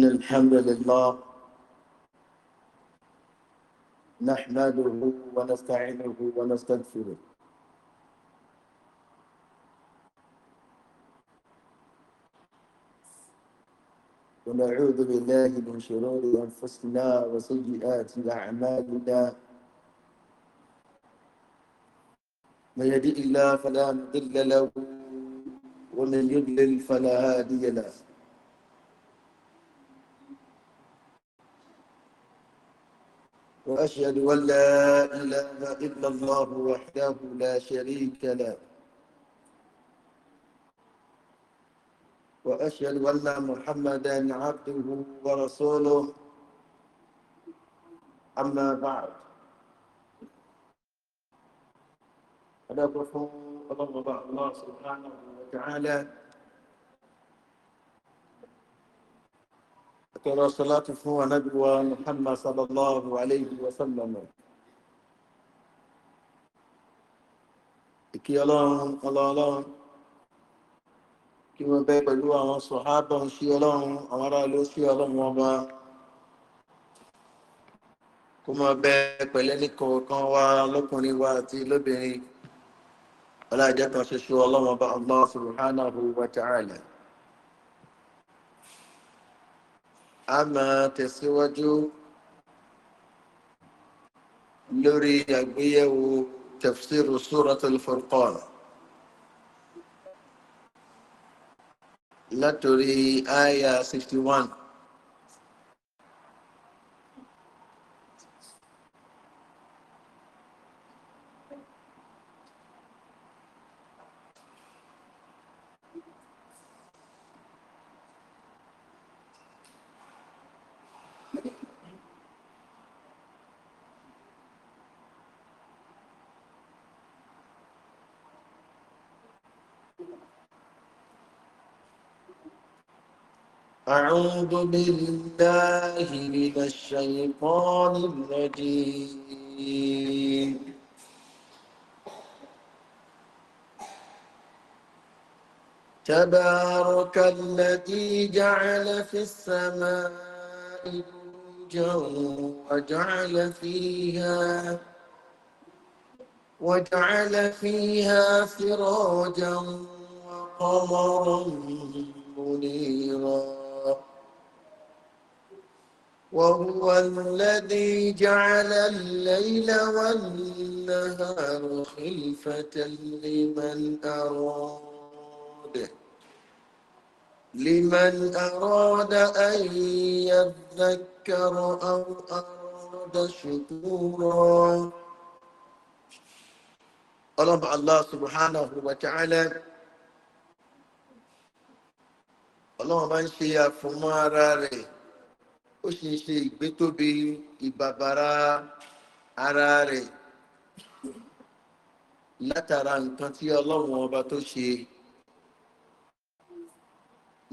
إن الحمد لله نحمده ونستعينه ونستغفره ونعوذ بالله من شرور أنفسنا وسيئات أعمالنا من يهدئ الله فلا مضل له ومن يضلل فلا هادي له وأشهد أن لا إله إلا الله وحده لا شريك له وأشهد أن محمدا عبده ورسوله أما بعد هذا الله سبحانه وتعالى tọrọ sọláàtì fún anábìwá muhammad sallallahu alayhi wa sallam ìkí ọlọ́run ọlọ́run kí wọ́n bẹ́ pẹ̀lú àwọn sọ̀hábà ń sí ọlọ́run àwọn ará ló sí ọlọ́run ọba kó máa bẹ pẹ̀lẹ́ ní kọ̀ọ̀kan wá lọ́kùnrin wa àti lóbìnrin ọlá ìjẹ́ kan ṣoṣo ọlọ́run ọba allah subhanahu wa ta'ala. a máa tẹ̀síwájú lórí àgbéyẹ̀wò tafsiru suratul furqan látòrí àyà 61. أعوذ بالله من الشيطان الرجيم تبارك الذي جعل في السماء وجعل فيها وجعل فيها سراجا وقمرا منيرا وهو الذي جعل الليل والنهار خلفة لمن أراد لمن أراد أن يذكر أو أراد شكورا طلب الله سبحانه وتعالى الله من شيء فمارا ó ṣe ṣe ìgbétóbi ìbàbàrà ara rẹ̀ látara nǹkan tí ọlọ́run ọba tó ṣe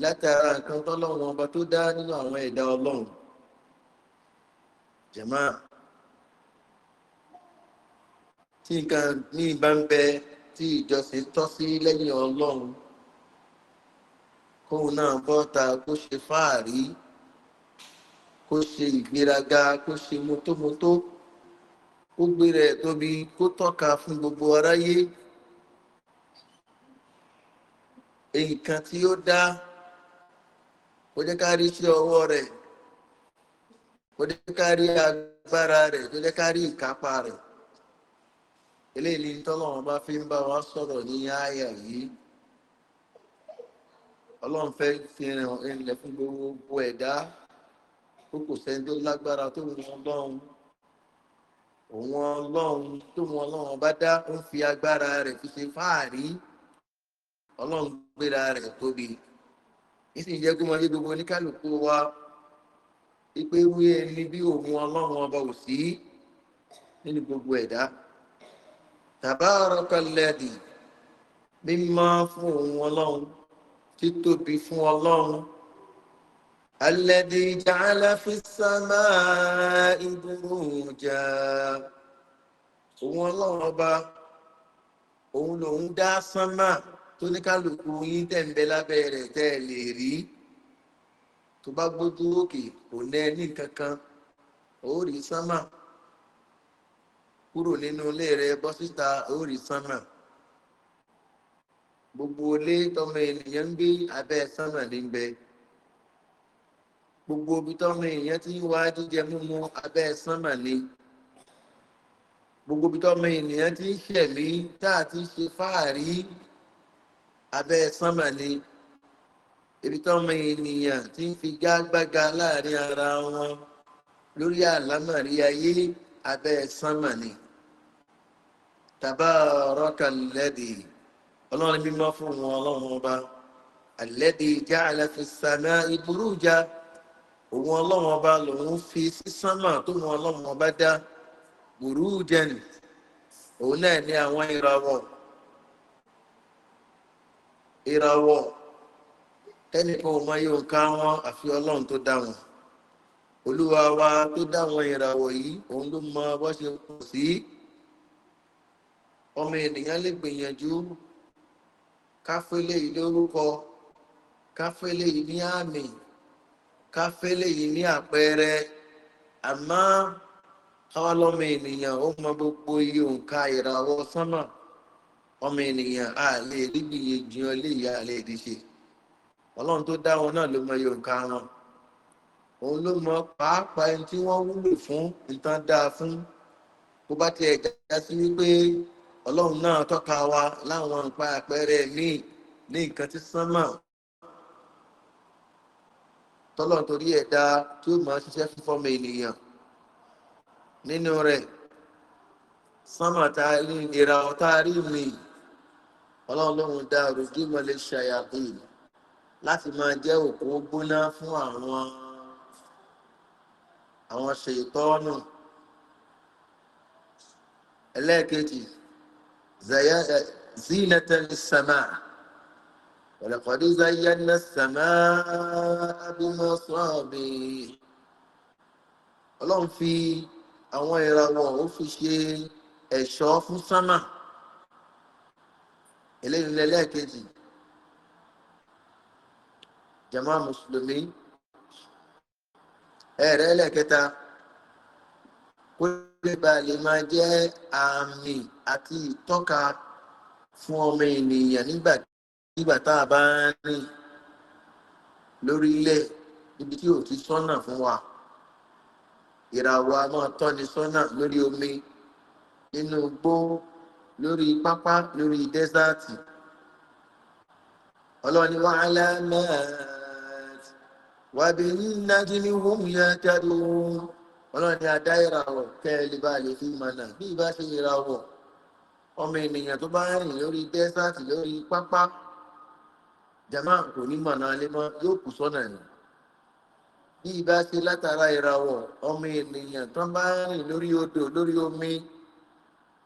látara nǹkan tọ́lọ́run ọba tó dá nínú àwọn ẹ̀dá ọlọ́run jẹ̀má tí nǹkan ní ìbá ń bẹ tí ìjọsìn tọ́ sí lẹ́yìn ọlọ́run kóun náà bọ́ta kó ṣe fáàrí kó ṣe ìgbéraga kó ṣe mọ́tómọ́tó kó gbéra ẹ̀ tóbi kó tọ́ka fún gbogbo aráyé nǹkan tí ó dá kó jẹ́ ká rí sí ọwọ́ rẹ̀ kó jẹ́ ká rí agbára rẹ̀ kó jẹ́ ká rí ìkápá rẹ̀ eléyìí ni tọ́lọ́run bá fi ń bá wa sọ̀rọ̀ ní àyà yìí ọlọ́run fẹ́ fi rìn ilẹ̀ fún gbogbo ẹ̀dá pé kò sẹ́ni tó lágbára tó wọn ọlọ́run òun ọlọ́run tó wọn ọlọ́run bá dá ó fi agbára rẹ̀ fi ṣe fáàrí ọlọ́run gbéra rẹ̀ tóbi nísìnyí jẹ́ kó gbogbo oníkálukú wa ipe wí ẹni bí òun ọlọ́run ọba ò sí nínú gbogbo ẹ̀dá tàbárọ̀kọ̀lẹ́dì mímọ́ fún òun ọlọ́run títóbi fún ọlọ́run. الذي جعل في السماء بروجا òun ọlọ́ọ̀ba òun lòun dá sánmà tó ní kálukú yín tẹ̀m̀bẹ́ lábẹ́ rẹ̀ lè rí tó bá gbójú òkè ní kankan kúrò nínú ilé gbogbo ilé tọmọ ènìyàn ń gbé sánmà gbogbo omi tọ́mọ èèyàn ti ń wá jíjẹ mímu abẹ́ sánmàlé gbogbo omi tọ́mọ ènìyàn ti ń ṣẹ̀mí tá a ti ṣe fáàrí abẹ́ sánmàlé ibi tọ́mọ ènìyàn ti ń fi gágbága láàrin ara wọn lórí àlámàrí ayé abẹ́ sánmàlé tàbá ọ̀rọ̀kà lẹ́dí ọlọ́run mímọ́ fún wọn ọlọ́run ọba àlẹ́dí já àlẹ́ fi ìbúrú já òun ọlọ́run ọba lòun fi sísánmà tó wọn ọlọ́run ọba dá gbòòrú jẹnì òun náà ní àwọn ìràwọ̀ ìràwọ̀ tẹ́nìkan ò máa yóò ká wọn àfi ọlọ́run tó dá wọn olúwa wa tó dá wọn ìràwọ̀ yìí òun ló mọ bó ṣe pọ̀ sí ọmọ ènìyàn lè gbìyànjú káfílẹ̀ yìí lórúkọ káfílẹ̀ yìí ní àmì káfẹ́lẹ̀ yìí ní àpẹẹrẹ àmọ́ káwá lọ́mọ ènìyàn ó mọ gbogbo iye òǹkà ìràwọ̀ sánmà ọmọ ènìyàn a lè ríbi iye jiyàn lè yá a lè rí ṣe ọlọ́run tó dá wọn náà ló mọ iye òǹkà wọn òun ló mọ pàápàá ẹni tí wọ́n wúlò fún ìtàn dáa fún bó bá tiẹ̀ já sí wípé ọlọ́run náà tọ́ka wa láwọn nǹkan àpẹẹrẹ míì ní nǹkan tí sánmà tọ́lọ̀ torí ẹ̀dá tí ó máa ṣiṣẹ́ fún fọ́mọ ènìyàn nínú rẹ̀ sánmà tá a rí ìràwọ̀ tá a rí mi ọlọ́run lóhun dá rògbé mọ́lẹ́ ṣàyàpé láti máa jẹ́ òkú gbóná fún àwọn àwọn ṣètọ́nù ẹlẹ́ẹ̀kejì zayá zinatan sama. ولقد زينا السماء بمصابيح ọlọ́run fi àwọn ìràwọ̀ ó fi ṣe ẹ̀ṣọ́ fún sánmà eléyìí lẹ́lẹ́ẹ̀kejì jama mùsùlùmí ẹ̀rẹ́ ẹlẹ́ẹ̀kẹta kó lè ba lè máa jẹ́ àmì àti ìtọ́ka fún ọmọ ènìyàn nígbà nígbà tá a bá ń rìn lórí ilẹ̀ níbi tí ò ti sọ́nà fún wa ìràwọ̀ a máa tọ́ni sọ́nà lórí omi nínú igbó lórí pápá lórí dẹ́sẹ̀tì ọlọ́ni wa alamat wà bí nájú ní wúmíyà jáde ohun ọlọ́ni adá ìràwọ̀ kẹ́ẹ̀lì bá lè fi mọ̀nà bí ìbá ṣe ìràwọ̀ ọmọ ènìyàn tó bá rìn lórí dẹ́sẹ̀tì lórí pápá jama kò ní mọ̀nà alẹ́ mọ́ yóò kù sọ́nà ni bí ibà ṣe látara ìrawọ̀ ọmọ ènìyàn tó bá rìn lórí odò lórí omi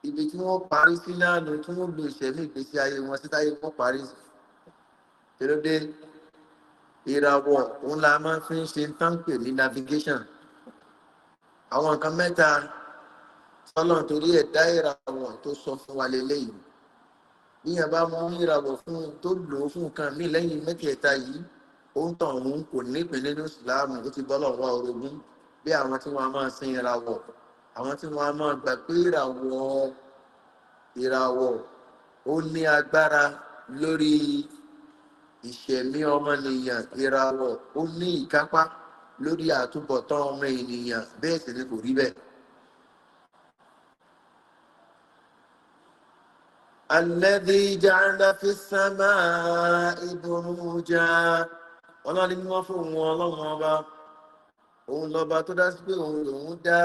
ibi tí wọ́n parí sí náà ni tí wọ́n lo ìṣẹ̀mí ìgbésí ayé wọn sí táyé wọ́n parí sí tẹ́lódé ìrawọ̀ òun la máa fi ń ṣe táǹpẹ̀ ní navigation àwọn nǹkan mẹ́ta tọ́lọ̀ torí ẹ̀ dá ìrawọ̀ tó sọ fún wa lélẹ́yìn níyàn bá mú ìràwọ̀ fún tó lò ó fún nǹkan mí lẹ́yìn mẹ́tẹ̀ẹ̀ta yìí ó ń tàn òun kò nípìn nínú ìsìláàmù ó ti bọ́lọ̀ wá orogún bí àwọn tí wọ́n á máa sin ìràwọ̀ àwọn tí wọ́n á máa gbà pé ìràwọ̀ ìràwọ̀ ó ní agbára lórí ìṣẹ̀mí ọmọnìyàn ìràwọ̀ ó ní ìkápá lórí àtúbọ̀tán ọmọ ènìyàn bẹ́ẹ̀ sì ni kò rí bẹ́ẹ̀. الذي جعل في السماء بروجا ọlọ́run ni wọ́n fún òun ọlọ́run ọba òun lọ́ba tó dá sí pé òun lòun dá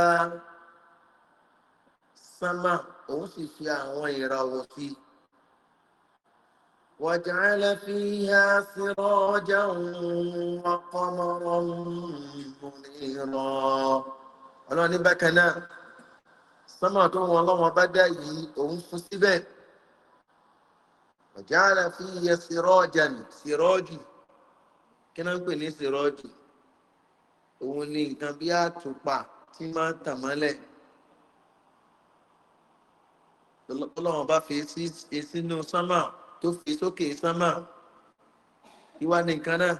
sánmà òun sì fi àwọn ìràwọ̀ sí i وجعل فيها سراجا وقمرا منيرا ọlọ́run ní bákan náà sánmà tó wọn ọlọ́run ọba dá yìí òun fún síbẹ̀ ọ̀jáàlá fi yẹ sírọ́ọ̀jà ní sírọ́ọ̀jù kí náà ń pè ní sírọ́ọ̀jù òun ni nǹkan bí àtùpà tí máa ń tàn mọ́lẹ̀ ọlọ́run bá fi sínú sánmà tó fi sókè sánmà ìwà nìkan náà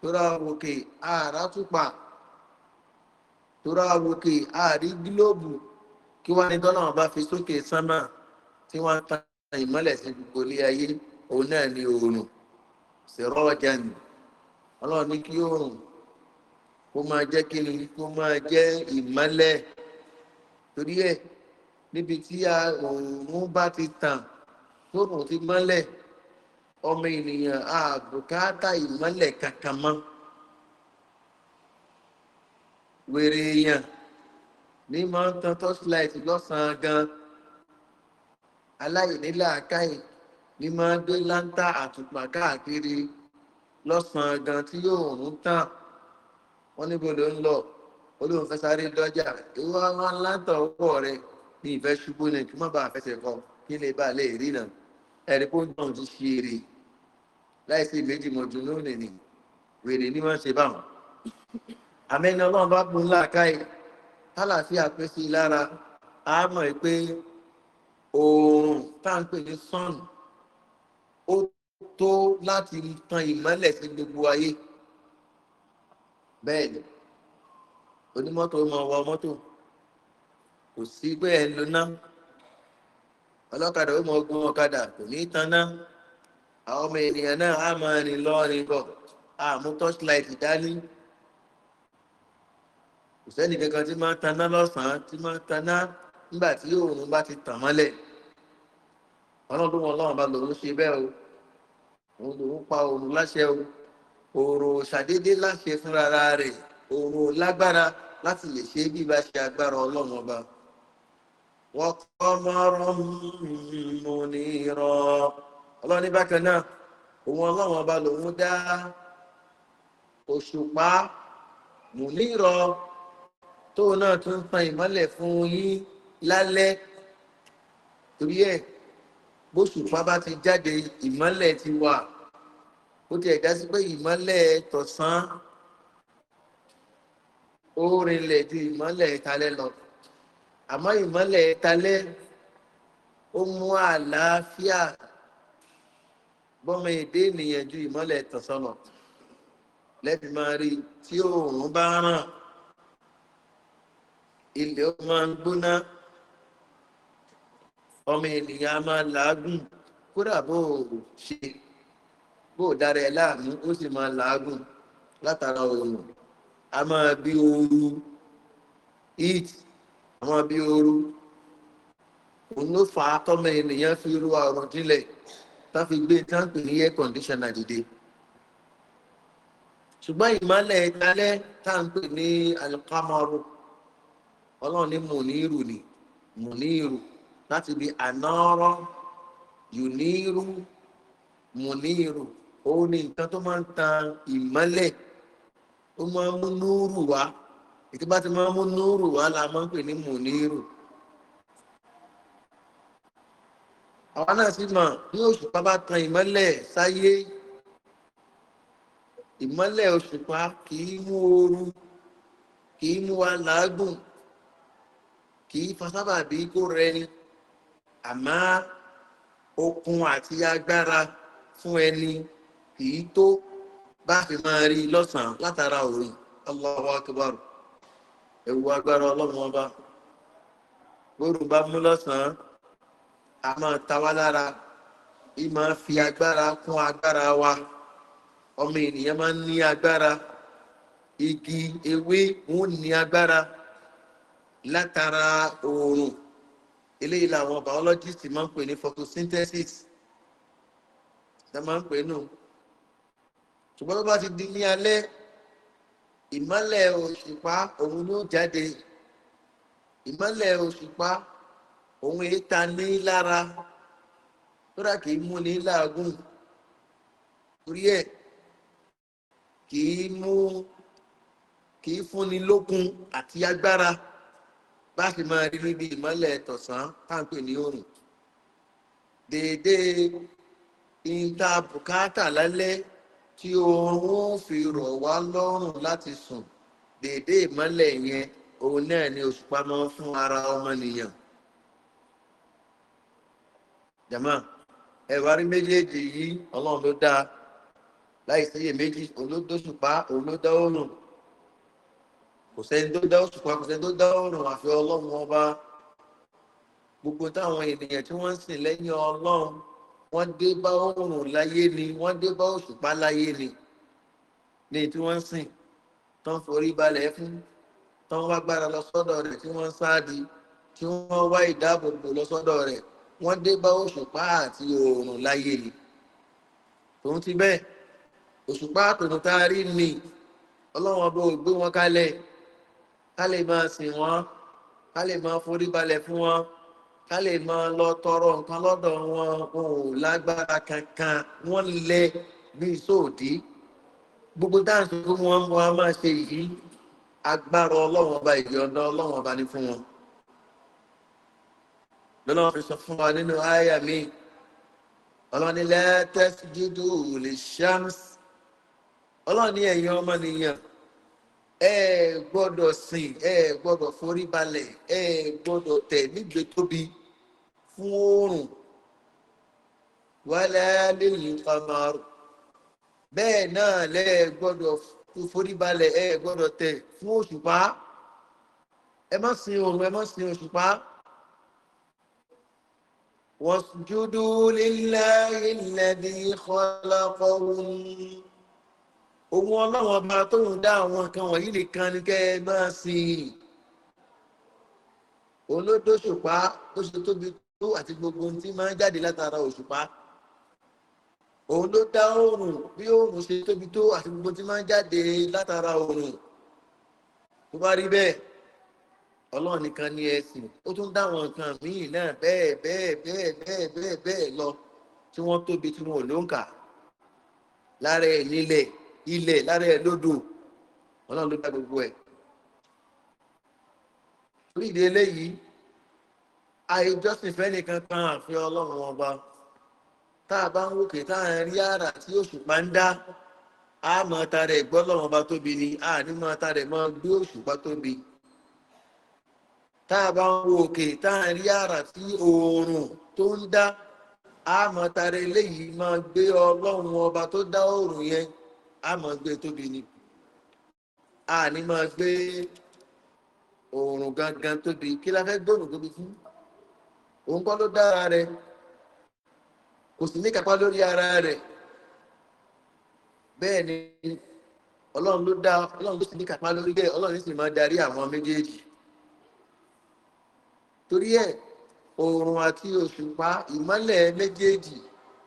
tóra òkè àràtùpà tóra òkè àrí gílóòbù kí wá ní tọ́lọ́run bá fi sókè sánmà tí wọ́n ń tàn ìmọ́lẹ̀ sí gbogbo ilé ayé òun náà ni oòrùn ṣèrọ́ ọjà nì ọlọ́run ní kí oòrùn kó máa jẹ́ kí ni kó máa jẹ́ ìmọ́lẹ̀ torí ẹ̀ níbi tí oòrùn bá ti tàn tóòrùn ti mọ́lẹ̀ ọmọ ènìyàn àbùkátà ìmọ́lẹ̀ kankan mọ́ wèrè èèyàn ní máa torchlight lọ́sàn-án gan-an aláìníláàkáì ní máa gbé láńtà àtùpà káàkiri lọ́sàn-án gan tí yóò rún tán wọ́n níbo ló ń lọ olóhùn fẹ́ sáré lọ́jà ìwọ àwọn láńtà ọwọ́ rẹ ní ìfẹ́ ṣubú ni kí má bàa fẹsẹ̀ kọ kí lè bá lè rí náà ẹ̀rí kó náà ti ṣe eré láìsí méjì mọ̀jú lónìí ni wèrè ni wọ́n ṣe báwọn àmẹ́ni ọlọ́run bá bu ńlá káyì tálàfíà pèsè lára àmọ́ ẹ pé oòrùn tá à ń pè ní sun ó tó láti tan ìmọ́lẹ̀ sí gbogbo ayé bẹ́ẹ̀ ni onímọ́tò máa wọ mọ́tò kò sí pé ẹ̀ ń lo náà ọlọ́kadà ó mọ ogun ọ̀kadà kò ní tan náà àwọn ọmọ ènìyàn náà á máa rìn lọ rìn bọ̀ àmú torchlight dání kò sẹ́ni tí máa tan lọ́sàn-án tí máa tan nígbà tí òòrùn bá ti tàn mọ́lẹ̀ ọlọ́dún ọlọ́run bá lòun ṣe bẹ́ẹ̀ o òun lòun pa òòrùn láṣẹ o òòrò ṣàdédé láṣẹ fúnra rẹ̀ òòrò lágbára láti lè ṣe bí bá ṣe agbára ọlọ́run ọba. wọ́n kọ́ mọ́rọ́ mú ní rọ ọlọ́run bákan náà òun ọlọ́run ọba lòun dá òṣùpá mú ní rọ tóun náà tún tan ìmọ́lẹ̀ fún yín lálẹ́ torí ẹ̀ bóṣùpá bá ti jáde ìmọ́lẹ̀ ti wà ó ti ẹ̀dá sí pé ìmọ́lẹ̀ tọ̀sán ó rinlẹ̀ ju ìmọ́lẹ̀ ìtalẹ́ lọ àmọ́ ìmọ́lẹ̀ ìtalẹ́ ó mú àlàáfíà bọ́mọ èdè ènìyàn ju ìmọ́lẹ̀ tọ̀sán lọ lẹ́bi máa rí tí òòrùn bá ràn ilẹ̀ ó máa ń gbóná ọmọ ènìyàn a máa làágùn kódà bó o ṣe bó o dára ẹ láàmú ó sì máa làágùn látara òòrùn a máa bí ooru heat a máa bí ooru òun ló fà á tọ́mọ ènìyàn fi ru àrùn dílẹ̀ tá fi gbé táǹkì ní air conditioner dìde ṣùgbọ́n láti ibi ànáọ́rọ́ yùnírú mùnírú òun ni nǹkan tó máa ń tan ìmọ́lẹ̀ ó máa ń mú núrù wá ètò bá ti máa ń mú núrù wá la máa ń pè ní mùnírù. àwa náà sì mọ̀ ní oṣù pa bá tan ìmọ́lẹ̀ sáyé ìmọ́lẹ̀ oṣù pa kì í mú ooru kì í mú wa làágùn kì í fasábàbí kó rẹni àmọ́ okun àti agbára fún ẹni kìí tó bá fi máa rí lọ́sàn-án látara òòyìn Allahu akbar ewu agbára ọlọ́run ọba gbóòrùn bá mú lọ́sàn-án a máa ta wá lára ì máa fi agbára kún agbára wa ọmọ ènìyàn máa ń ní agbára igi ewé wọn ní agbára látara oòrùn eléyìí làwọn biologist máa ń pè ní photosynthesis ṣe máa ń pè nù ṣùgbọ́n tó bá ti di ní alẹ́ ìmọ́lẹ̀ òṣùpá òun ló jáde ìmọ́lẹ̀ òṣùpá òun èyí ta ní lára lọ́dà kìí mú ní láàgùn torí ẹ̀ kìí mú kìí fúnni lókun àti agbára bá fi máa rí níbi ìmọ́lẹ̀ tọ̀sán táǹpẹ̀ ní òrùn déédéé ìta bùkátà lálẹ́ tí oorun ó fi rọ̀ wá lọ́rùn láti sùn déédéé ìmọ́lẹ̀ yẹn òun náà ni òṣùpá máa fún ara ọmọnìyàn. jama ẹ̀wà rí méjèèjì yìí ọlọ́run ló dáa láì síyè méjì òun ló dóṣùpá òun kò sẹ́ni tó dá òṣùpá kò sẹ́ni tó dá ọ̀rùn àfi ọlọ́run ọba gbogbo táwọn ènìyàn tí wọ́n ń sìn lẹ́yìn ọlọ́run wọ́n dé bá òrùn láyé ni wọ́n dé bá òṣùpá láyé ni ní tí wọ́n ń sìn tó ń forí balẹ̀ fún tó ń wá gbára lọ sọ́dọ̀ rẹ̀ tí wọ́n ń sáàdì tí wọ́n wá ìdáàbòbò lọ sọ́dọ̀ rẹ̀ wọ́n dé bá òṣùpá àti òrùn láyé ni tòun ti bẹ́ẹ̀ òṣùpá àtòrùn tá a rí ni ọlọ́run ọba ò gbé wọn kalẹ̀ ká lè máa sìn wọ́n ká lè máa forí balẹ̀ fún wọn ká lè máa lọ tọrọ nǹkan lọ́dọ̀ wọn ò lágbára kankan wọ́n lẹ bí sóòdì gbogbo dáhùn tó wọn wọn máa ṣe yìí agbára ọlọ́wọ́n ọba ìyọ̀ndọ́ ọlọ́wọ́n ọba ní fún wọn lọ́nà fi sọ fún wa nínú àyà mi ọlọ́ni lẹ́tẹ́sí jídú lè ṣáàmùsì ọlọ́ni ẹ̀yìn ọmọnìyàn ẹ gbọ́dọ̀ sìn ẹ gbọ́dọ̀ forí balẹ̀ ẹ gbọ́dọ̀ tẹ̀ nígbè tóbi fún oòrùn wálé lẹ́yìn kamaru bẹ́ẹ̀ náà lẹ́ gbọ́dọ̀ forí balẹ̀ ẹ gbọ́dọ̀ tẹ̀ fún òṣùpá ẹ má sin oòrùn ẹ má sin òṣùpá. واسجدوا لله الذي خلقهم òun ọlọ́wọ́n ọba tóun dá àwọn nǹkan wọ̀nyí nìkan ni kẹ́ ẹ máa sìn ín olódó ṣùpá tó ṣe tóbi tó àti gbogbo ohun tí máa ń jáde látara òṣùpá òun ló dá oòrùn bí oòrùn ṣe tóbi tó àti gbogbo ohun tí máa ń jáde látara oòrùn tó bá rí bẹ́ẹ̀ ọlọ́run nìkan ni ẹ ó tún dá àwọn nǹkan míì náà bẹ́ẹ̀ bẹ́ẹ̀ bẹ́ẹ̀ bẹ́ẹ̀ bẹ́ẹ̀ bẹ́ẹ̀ lọ tí wọ́n tóbi tí wọn ò lóǹkà lára ẹ̀ nílẹ̀ ilẹ̀ lára ẹ̀ lódò ọlọ́run ló dá gbogbo ẹ̀ torí ìdí eléyìí àìjọsìn fẹ́ni kankan àfin ọlọ́run ọba tá a bá ń wòkè tá a rí ara tí òṣùpá ń dá a mọ ta rẹ̀ gbọ́ lọ́wọ́n ọba tóbi ni a ní mọ ta rẹ̀ mọ gbé òṣùpá tóbi tá a bá ń wòkè tá a rí ara tí oòrùn tó ń dá a mọ ta rẹ̀ léyìí mọ gbé ọlọ́run ọba tó dá oòrùn yẹn a mọ̀ gbé tóbi ni a ní mọ̀ gbé òòrùn gangan tóbi kí la fẹ́ gbóòrùn tóbi fún òun kọ́ ló dára rẹ kò sì ní kápá lórí ara rẹ bẹ́ẹ̀ ni ọlọ́run ló dá ọlọ́run ló sì ní kápá lórí bẹ́ẹ̀ ọlọ́run sì máa darí àwọn méjèèjì torí ẹ̀ oòrùn àti òṣùpá ìmọ́lẹ̀ méjèèjì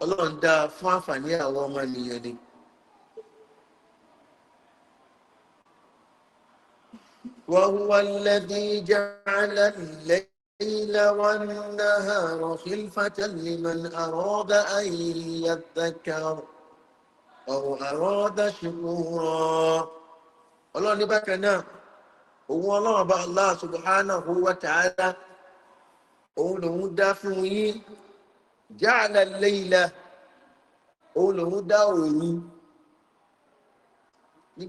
ọlọ́run dá fún àǹfààní àwọn ọmọ ènìyàn ni. وهو الذي جعل الليل والنهار خلفة لمن أراد أن يذكر أو أراد شكورا الله نبكنا هو الله بقى الله سبحانه وتعالى òun lòun جعل الليل yín jáàlá léyìnlá òun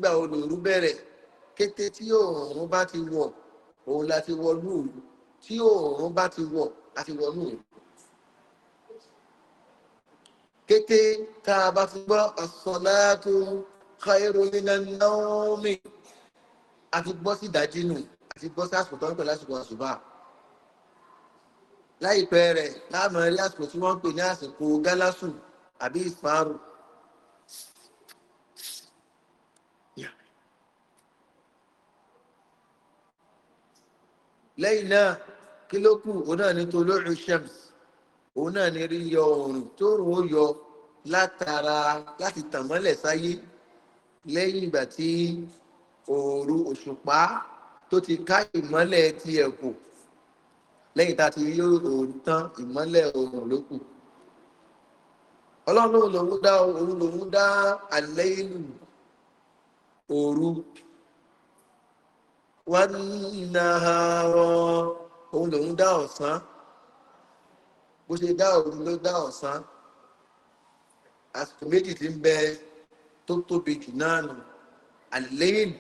lòun kété tí òòrùn bá ti wọ̀ òun la ti wọ lóòrùn tí òòrùn bá ti wọ̀ a ti wọ lóòrùn. kété tá a bá ti gbọ́ àsọ̀láàtò káírò nínú náómì a ti gbọ́ sí ìdájí nù a ti gbọ́ sí àsìkò tó ń pè lásìkò àṣùbà láìpẹ́ rẹ̀ láàmú rí àsìkò tí wọ́n ń pè ní àsìkò gálásù àbí ìfàrù lẹ́yìn náà kí ló kù òun náà ní tolóòrùn shems òun náà ní rí yọ òrùn tó rùn ó yọ látara láti tàn mọ́lẹ̀ sáyé lẹ́yìn ìgbà tí òru òṣùpá tó ti ká ìmọ́lẹ̀ ti ẹ̀kọ́ lẹ́yìn tá a ti rí òun tán ìmọ́lẹ̀ òrùn ló ọlọ́run lòun dá òun lòun dá àlẹ́ ìlú òru wà nà àárọ̀ òun lòun dá ọ̀sán bó ṣe dá òru ló dá ọ̀sán àsìkò méjì ti ń bẹ tó tóbi jù náà nù àlẹ́yìn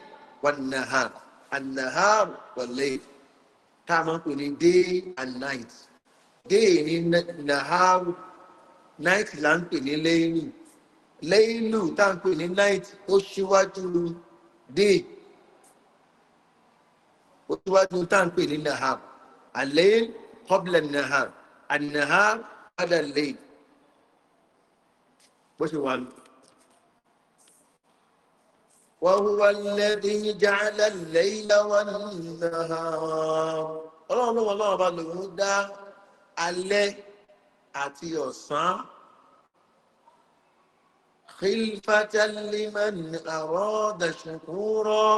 wà nà àárọ̀ ànà àárọ̀ wà lẹ́yìn tá a máa ń pè ní day and night day ní nà àárọ̀ night là ń pè ní lẹ́yìn lẹ́yìn lù tá a ń pè ní night ó ṣíwájú day ó síwájú tá à ń pè ní nahab alẹ́ kọ́bílẹ̀ nahab anahab padà lẹ́yìn bó ṣe wà ní. وهو الذي جعل الليل والنهار ọlọ́run ló wọn lọ́wọ́ bá lòun dá alẹ́ àti ọ̀sán khilfatan liman arọ́dà ṣùkúrọ́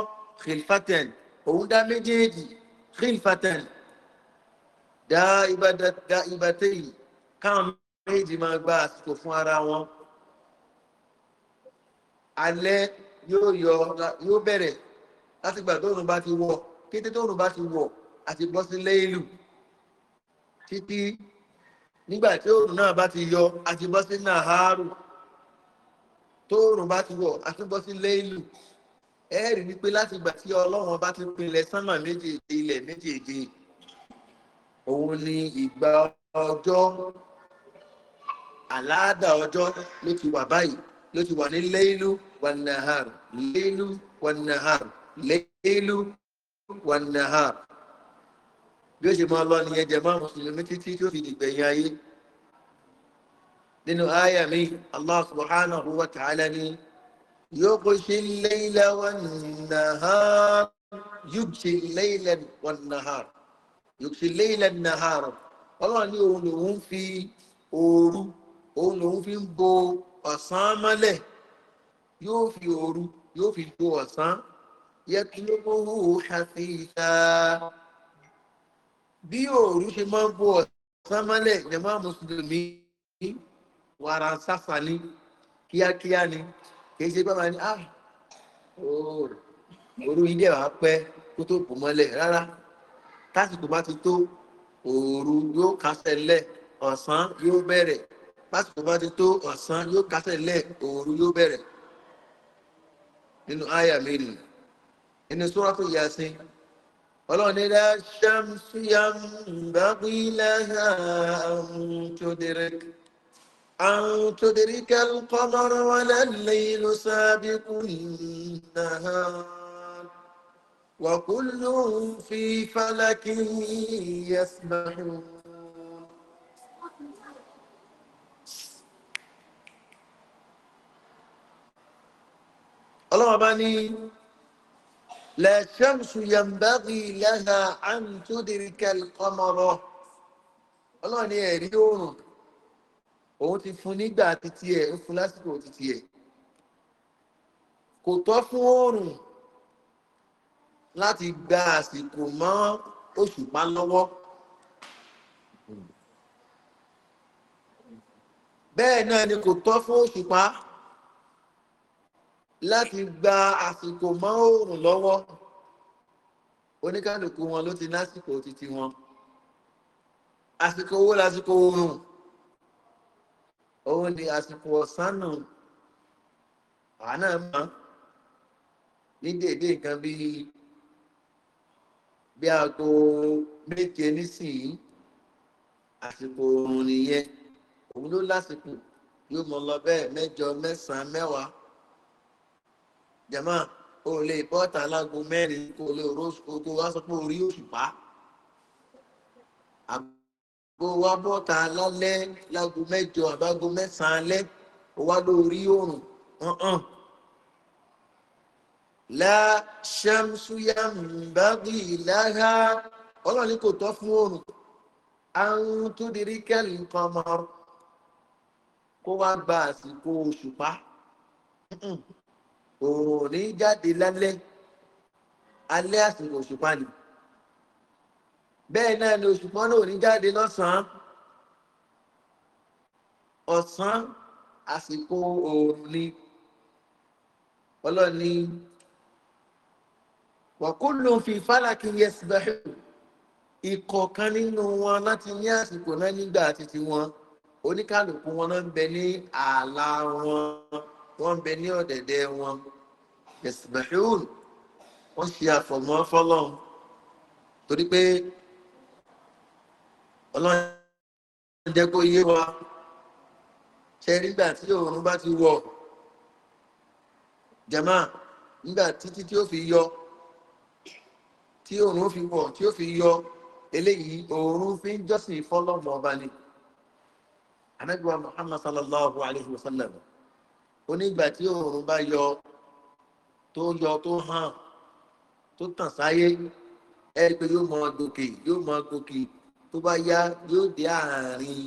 khilfatan òun dá méjèèjì khilfatan dá ìbátẹ́yì káwọn méjì máa gba àsìkò fún ara wọn alẹ́ yóò yọ yóò bẹ̀rẹ̀ láti gbà tóòrùn bá ti wọ̀ kété tóòrùn bá ti wọ̀ àti bọ́ sí léèlù títí nígbà tí òòrùn náà bá ti yọ àti bọ́ sí nàhárù tóòrùn bá ti wọ̀ àti bọ́ sí léèlù ẹ rí wípé láti gbà tí ọlọ́run bá ti pinlẹ̀ sánmà méjèèjì ilẹ̀ méjèèjì òun ni ìgbà ọjọ́ àláàdà ọjọ́ ló ti wà báyìí ló ti wà ní léèlú wà nàhàr léèlú wà nàhàr léèlú wà nàhàr bí ó ṣe máa lọ nìyẹn jẹ máa mùsùlùmí títí tó fi dìgbẹ̀yìn ayé nínú àyà mi allah subhanahu wa ta'ala ni. يغشي الليل والنهار يغشي الليل والنهار يغشي الليل والنهار ọlọ́run ní òun lòun fi ooru òun lòun fi ń bo ọ̀sán mọ́lẹ̀ yóò fi ooru yóò fi bo ọ̀sán yẹtulógóhù ṣàfihà bí ooru ṣe máa ń bo ọ̀sán mọ́lẹ̀ ìjọba mùsùlùmí wàrà sáfà ní kíákíá ni. Kia kia ni kìí ṣe pé máa ní ah òru ilé wa pẹ́ kó tó bò mọ́lẹ̀ rárá tásìkò bá ti tó òru yóò kásẹ̀ lẹ̀ ọ̀sán yóò bẹ̀rẹ̀ tásìkò bá ti tó ọ̀sán yóò kásẹ̀ lẹ̀ òru yóò bẹ̀rẹ̀ nínú àyà mi nì nínú sọ́ra tó yà sí ọlọ́run ní dá ṣàmṣúyàmù bá gbé lẹ́hàn tó dẹrẹ́kì. أن تدرك القمر ولا الليل سابق النهار وكل في فلك يسبحون الله أباني لا شمس ينبغي لها أن تدرك القمر الله أباني أريد òun ti fún nígbà títí ẹ̀ ó fún lásìkò títí ẹ̀ kò tọ́ fún oòrùn láti gba àsìkò mọ́ òṣùpá lọ́wọ́ bẹ́ẹ̀ náà ni kò tọ́ fún òṣùpá láti gba àsìkò mọ́ oòrùn lọ́wọ́ oníkàlùkù wọn ló ti lásìkò títí wọn àsìkò owó lásìkò oòrùn òun ni àsìkò ọ̀sán nù àná mọ́ ní dèdè nǹkan bíi bí aago méje nísìnyí àsìkò oorun nìyẹn òun ló lásìkò yóò mọ lọ bẹ́ẹ̀ mẹ́jọ mẹ́sàn-án mẹ́wàá jẹ̀mọ́ o lè bọ́ta lágo mẹ́rin kó o lè ró o kó wá sọ pé orí òṣùpá gbogbo abọ́ta lálẹ́ láago mẹ́jọ àbágo mẹ́sàn-án alẹ́ wá lórí oòrùn hàn la ṣamsuya mbagi láha ọlọ́run ní kò tọ́ fún oòrùn àrùn tó dirí kẹ́lì kan mọ́ kó wá gba àsìkò òṣùpá oòrùn ní jáde lálẹ́ alẹ́ àsìkò òṣùpá nìyí bẹ́ẹ̀ náà ni oṣù kan náà ò ní jáde lọ́sàn-án ọ̀sán àsìkò oòrùn ni ọlọ́ni wàkúlù fi fálákì yẹsibẹ́hù ìkọ̀ọ̀kan nínú wọn láti ní àsìkò náà nígbà títí wọn oníkàlùkù wọn náà ń bẹ ní ààlà wọn wọn ń bẹ ní ọ̀dẹ̀dẹ̀ wọn yẹsibẹ́hù wọn ṣe àfọ̀mọ́ fọlọ́n torí pé ọlọ́run jẹ́ kó yé wa ṣe nígbà tí òòrùn bá ti wọ̀ jẹ̀má nígbà títí tí ó fi yọ tí òòrùn fi wọ̀ tí ó fi yọ eléyìí fi ń jọ́sìn fọ́lọ́mọ ọba ni muhammad sallallahu alayhi wa sallam onígbà tí bá yọ tó yọ tó hàn tó tàn sáyé ẹ pé yóò mọ gòkè yóò mọ gòkè tó bá yá yóò dé àárín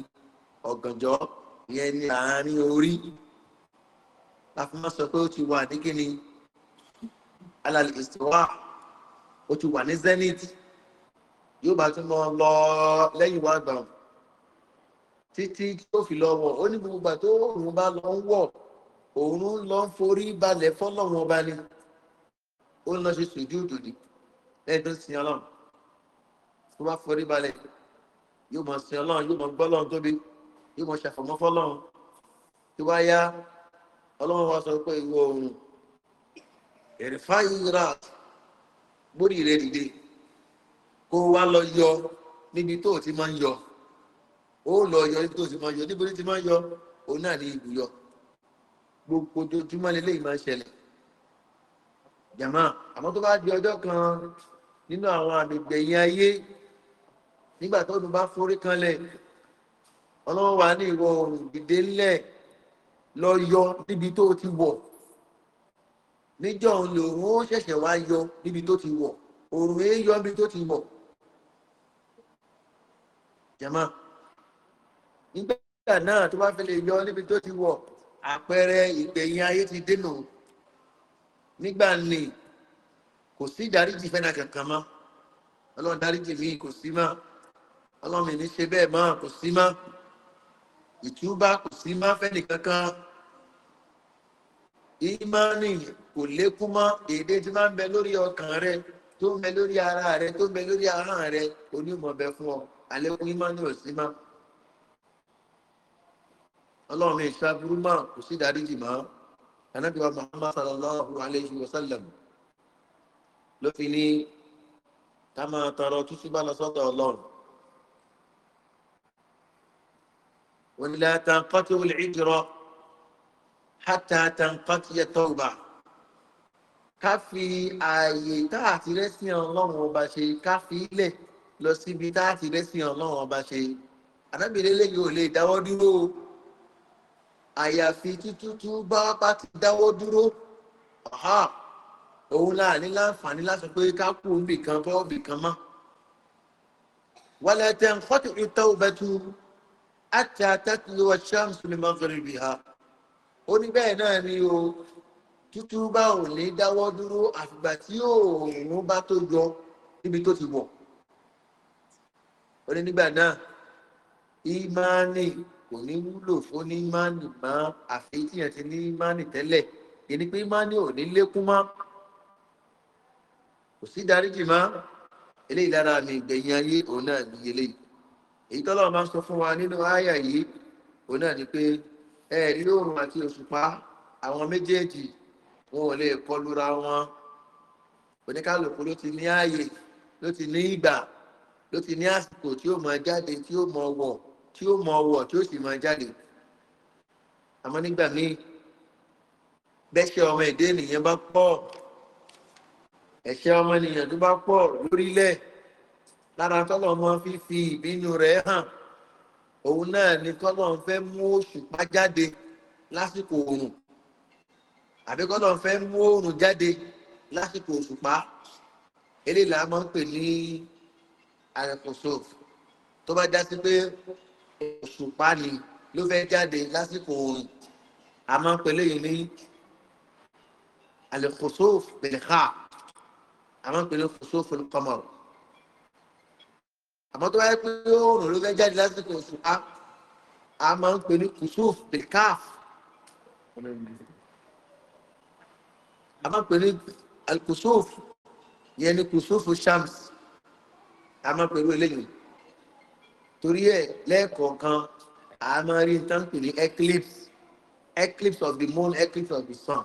ọ̀gànjọ́ ìyẹn ní àárín orí láti má sọ pé ó ti wà ní kíni alàlẹ́ ìsìnwá ó ti wà ní zenith yóò bá tún máa lọ lẹ́yìn wá gbà títí tó fi lọ wọ̀ ó ní gbogbo ìgbà tó òun bá lọ ń wọ̀ òun lọ ń forí balẹ̀ fọ́lọ́run ọba ni ó ń lọ ṣe sùdúùdù ni ọlọ́run tó bá forí balẹ̀ yóò mọ̀ sí ọlọ́run yóò mọ̀ gbọ́ ọlọ́run tóbi yóò mọ̀ ṣàfọ̀mọ́ fọlọ́run tí wá yá ọlọ́run wa sọ pé ìwọ òun èrèfà ìra gbórí rẹ dìde kó wá lọ yọ níbi tó ti máa ń yọ ó lọ yọ níbi tó ti máa ń yọ níbi tó ti máa ń yọ òun náà ní ibùyọ gbogbo ojoojúmọ́ lélẹ́yìn máa ń ṣẹlẹ̀ jàmá àmọ́ tó bá di ọjọ́ kan nínú àwọn àgbègbè yẹn ayé nígbà tó dùn bá forí kanlẹ̀ ọlọ́run wà ní ìwọ oòrùn dìde ńlẹ̀ lọ yọ níbi tó ti wọ̀ níjọ́ òun lòun ó ṣẹ̀ṣẹ̀ wá yọ níbi tó ti wọ̀ òòrùn èé yọ níbi tó ti wọ̀ jẹ̀mọ́ nígbà náà tó bá fẹ́ lè yọ níbi tó ti wọ̀ àpẹẹrẹ ìgbẹ̀yìn ayé ti dénú nígbà ní kò sí ìdáríjì fẹ́nà kankan mọ́ ọlọ́run dáríjì mi kò sí mọ́ ọlọ́run ìní ṣe bẹ́ẹ̀ mọ́ kò sí mọ́ ìtúbà kò sí mọ́ fẹ́ni kankan ìmọ̀ọ́nì kò lékún mọ́ èdè tí máa ń bẹ lórí ọkàn rẹ tó ń bẹ lórí ara rẹ tó ń bẹ lórí ahọ́n rẹ onímọ̀ bẹ fún ọ àlékún ìmọ̀ọ́nì ò sí mọ́ ọlọ́run ìṣàbùrú mọ́ kò sí dáríjì mọ́ anábìwá muhammad sallallahu alayhi wa sallam ló fi ní ká máa tọrọ tútù bá lọ sọ́dọ̀ ọlọ́run. wọn ni láta nǹkan tí ó lè jùlọ hátà ta nǹkan tí yẹ tọ́gbà ká fi ààyè tá a ti rẹ́sìn ọlọ́run ọba ṣe ká fi ilẹ̀ lọ síbi tá a ti rẹ́sìn ọlọ́run ọba ṣe àdábìrẹ́ lẹ́yìn ò lè dáwọ́ dúró o àyàfi títútú bá bá ti dáwọ́ dúró òun láàrin láǹfààní láti pé ká kú òbí kan bọ́ òbí kan mọ́ wàlẹ̀ tẹ̀ ń fọ́tò ìtọ́ òbẹ̀tù àti àtàkùlù ọ̀ṣàm sùlùmọ́ fẹ́rẹ̀bì ha ó ní bẹ́ẹ̀ náà ni o tútù bá ò ní dáwọ́ dúró àfìgbà tí òòrùn bá tó yọ níbi tó ti wọ̀ ó ní nígbà náà ìmánì kò ní wúlò fún ní ìmánì mọ́ àfi tíyàn ti ní ìmánì tẹ́lẹ̀ ìní pé ìmánì ò ní lékún mọ́ kò sí dáríjì mọ́ eléyìí lára mi ìgbẹ̀yìn ayé òun náà ní eléyìí èyí tọ́lọ́ máa ń sọ fún wa nínú àyà yìí òun náà ni pé ẹ̀ẹ́dì òòrùn àti òṣùpá àwọn méjèèjì wọn ò lè kọlura wọn oníkálukú ló ti ní ààyè ló ti ní ìgbà ló ti ní àsìkò tí ó mọ jáde tí ó mọ wọ tí ó mọ wọ tí ó sì mọ jáde àmọ́ nígbà míì bẹ́sẹ̀ ọmọ èdè nìyẹn bá pọ̀ ẹ̀ṣẹ̀ ọmọ nìyẹn tó bá pọ̀ lórílẹ̀ lára tọ́lọ̀ ọmọ fífi ìbínú rẹ̀ hàn òun náà ni tọ́lọ̀ ń fẹ́ mú òṣùpá jáde lásìkò oòrùn àbí kọ́lọ̀ ń fẹ́ mú oòrùn jáde lásìkò òṣùpá eléyìí la máa ń pè ní àrẹ̀kọ̀sọ̀ tó bá já sí pé òṣùpá ni ló fẹ́ jáde lásìkò oòrùn a máa ń pè léyìn ní àrẹ̀kọ̀sọ̀ pèlè ká a máa ń pè ní kòsófò ní àmọ́ tó bá yẹ pé oòrùn ló fẹ́ jáde lásìkò oṣù a a máa ń pè ní kùsùf bìkáf a máa ń pè ní alkùsùf yẹn ní kùsùf shams a máa ń pè ní eléyìí torí ẹ lẹ́ẹ̀kọ̀ọ̀kan a máa rí nǹkan pè ní eclipse eclipse of the moon eclipse of the sun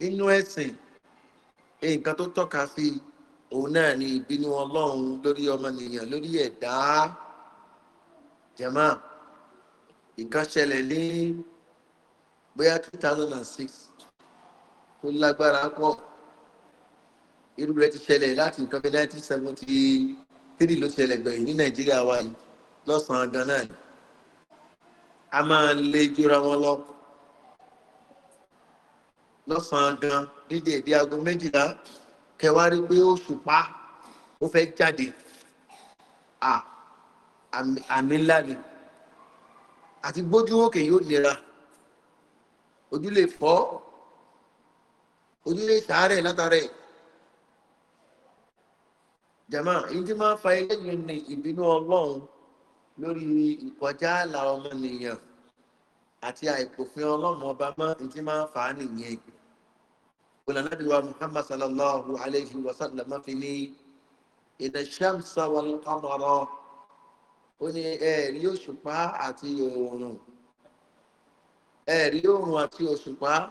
nínú ẹ̀sìn nǹkan tó tọ́ka sí i. òun náà ni ìbínú ọlọ́run lórí ọmọnìyàn lórí ẹ̀dá jẹ̀mọ́ nǹkan ní bóyá 2006 tó lágbára pọ̀ irú rẹ̀ ti ṣẹlẹ̀ láti nǹkan bí nineteen ló ṣẹlẹ̀ gbẹ̀yìn ní nàìjíríà wa lọ́sàn-án náà ni a máa lé jura wọn lọ lọ́sàn-án gan dídè aago méjìlá. kẹwàá rí pé òṣùpá ó fẹ́ jáde àmì ńlá ni àti gbójú òkè yóò nira ojú lè fọ́ ojú lè sàárẹ̀ látara ẹ̀ jama èyí tí máa ń fa eléyìí ní ìbínú ọlọ́run lórí ìkọjá àlà ọmọnìyàn àti àìpòfin ọlọ́run ọba máa ń máa ń nìyẹn ولا ولنبي محمد صلى الله عليه وسلم في إن الشمس والقمر وني إيري يشفى أتي يورون إيري يورون أتي يشفى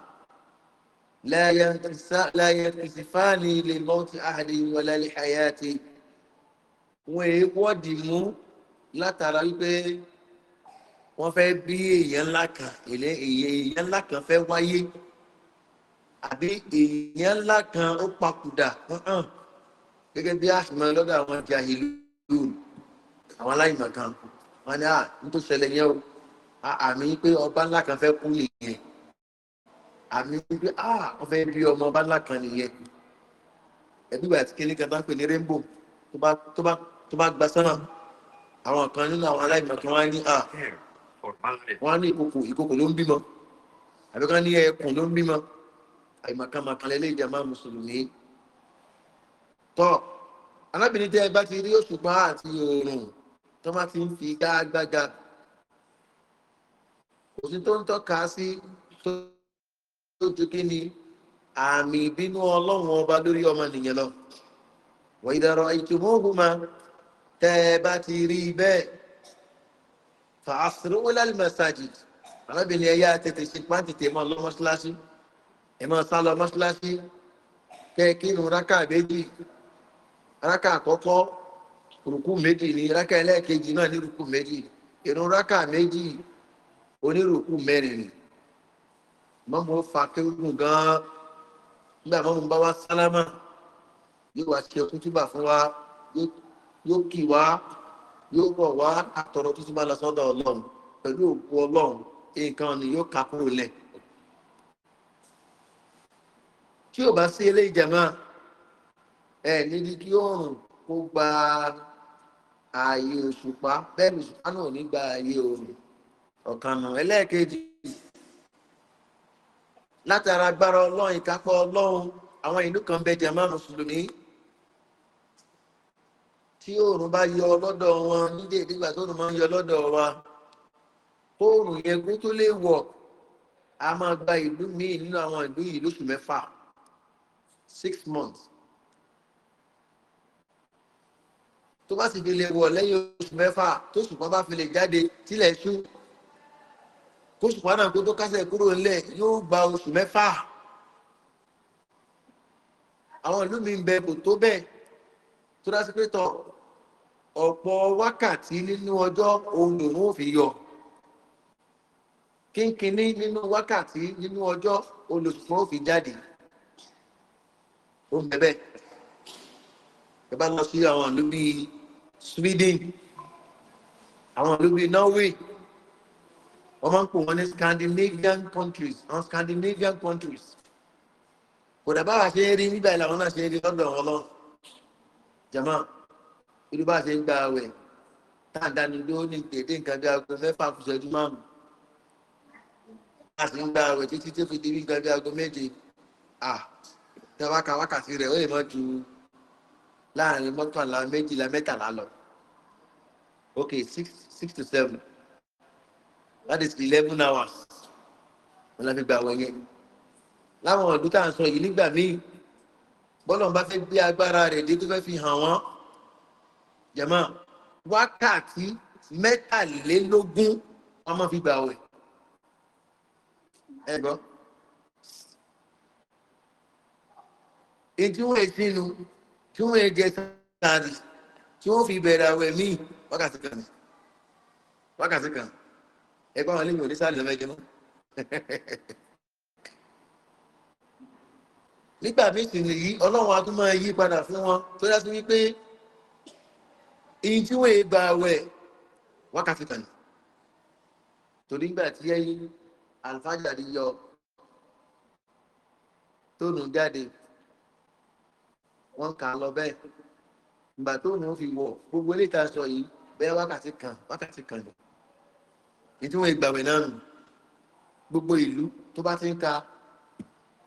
لا لا ينكسفان لموت أحد ولا لحياته ويقدموا لا ترى البيت wọ́n fẹ́ bí èèyàn ńlá kan èèyàn ńlá kan fẹ́ wáyé àbí èèyàn ńlá kan ó papòdà hàn gẹ́gẹ́ bí àṣìmọ́ lọ́dọ̀ àwọn ìjà ìlú àwọn aláìmọ̀ kan wọn ni à ń tó ṣẹlẹ̀ yẹn o àmì pé ọba ńlá kan fẹ́ kú nìyẹn àmì pé à wọ́n fẹ́ rí ọmọ ọba ńlá kan nìyẹn ẹbí bàtí kí ní kan bá pè ní rainbow tó bá gba sọ́nà àwọn kan nínú àwọn aláìmọ̀ kan wá ní à wọ́n á ní ìkòkò ìkòkò ló ń bímọ àbíkan ní ẹkùn ló ń bímọ àìmọ̀kànmọ̀kànlẹ̀ ilé ìjàmbá mùsùlùmí tọ́ alábìnrin tẹ́ ẹ bá ti rí òṣùpá àti oòrùn tó bá ti ń fi gáágbága kò sí tó ń tọ́ka sí tó ju kí ni àmì ìbínú ọlọ́run ọba lórí ọmọ nìyẹn lọ wọ́n ìdàrọ̀ ìtùmọ̀ọ́gùnmá tẹ́ ẹ bá ti rí bẹ́ẹ̀ fàásùrù wọlé alábìnrin ẹ̀yà tètè ṣe pàǹtì tèmọ́ lọ́mọ́síláṣí ẹ̀mọ́ sálọ mọ́síláṣí kẹ́ẹ̀kínú rákà méjì rákà àkọ́kọ́ rùkú méjì ní rákà ẹlẹ́ẹ̀kejì náà ní rùkú méjì ìrún rákà méjì onírùkú mẹ́rin ni mọ́mú fa kéwùn gan-an nígbà mọ́mú bá wá sálámà yóò wá ṣe kútúbà fún wa yóò kì wá yóò bọ̀ wá àtọ̀rọ̀ tuntun bá lọ sọ́dọ̀ ọlọ́run pẹ̀lú òkú ọlọ́run nǹkan ni yóò kà kúrò lẹ́ẹ̀. tí o bá sí ilé ìjàmá ẹ níbi kí oòrùn kó gba ààyè òṣùpá bẹ́ẹ̀ ni náà ní gba ààyè òrùn ọ̀kanà ẹlẹ́ẹ̀kejì látara agbára ọlọ́run ìkápọ̀ àwọn ìlú kan bẹ jẹ́ máa tí yọ wọn nídìí ìdígbà tó máa ń yọ wa yẹn kó tó lè a máa gba ìlú míì nínú àwọn ìlú yìí lóṣù six months tó bá sì fi lè wọ̀ lẹ́yìn oṣù mẹ́fà tó ṣùgbọ́n bá fi lè jáde tílẹ̀ ṣú kó ṣùgbọ́n náà kó tó kásẹ̀ kúrò ńlẹ̀ yóò gba oṣù mẹ́fà àwọn ìlú mi ń bẹ kò tó bẹ́ẹ̀ tó dá sí pé tán ọ̀pọ̀ wákàtí nínú ọjọ́ ohun ìrún òfin yọ kínkínní nínú wákàtí nínú ọjọ́ olùsùn òfin jáde ó ń bẹ́bẹ́ ẹ bá lọ sí àwọn ìlú bíi sweden àwọn ìlú bíi norway wọ́n máa ń pò wọ́n ní scandinavian countries àwọn scandinavian countries kò dà báwa ṣe ń rí nígbà yìí làwọn náà ṣe ń rí lọ́dọ̀ wọn lọ jama irú bá ṣe ń gba àwẹ̀ táàdáni ló ní dédé nǹkan bí aago mẹ́fà kù ṣẹ́jú márùn-ún a sì ń gba àwẹ̀ títí tó fi di bí nǹkan bí aago méje ah tẹ́wá ka wákàtí rẹ̀ ó lè mọ́ ju láàrin mọ́kànlá méjìlá mẹ́tàlá lọ ok six six to seven that is eleven hours wọn la fi gbà wọ̀nyẹn láwọn ọdún tá à ń sọ yìí nígbà míì bọ́lọ̀ bá fẹ́ gbé agbára rẹ̀ dé tó fẹ́ fi hàn wọ́n jẹ̀mọ́ wákàtí mẹ́tàlélógún ọmọ fi gbà wẹ̀ ẹ gbọ́. ètí wọ́n ẹ̀ sínú tí wọ́n ẹ̀ jẹ sáàdì tí wọ́n fi bẹ̀rẹ̀ àwẹ̀ míì wákàtí kan wákàtí kan ẹgbẹ́ àwọn eléyìí ò ní sáàdì lọ́mọdé mọ́ nígbà míì sì nìyí ọlọ́run a tún máa yí padà fún wọn tó dá sí wípé èyí tí wọ́n ẹ̀ gba àwẹ̀ wákàtí kan torí nígbà tí ẹyin àlùfáàjà yọ tónù jáde wọ́n kà á lọ bẹ́ẹ̀ ìgbà tó ní ó fi wọ̀ gbogbo ilé ìta sọ yìí bẹ́ẹ̀ wákàtí kan wákàtí kan ni ìdí wọn ìgbàwẹ̀ náà nù gbogbo ìlú tó bá ti ń ka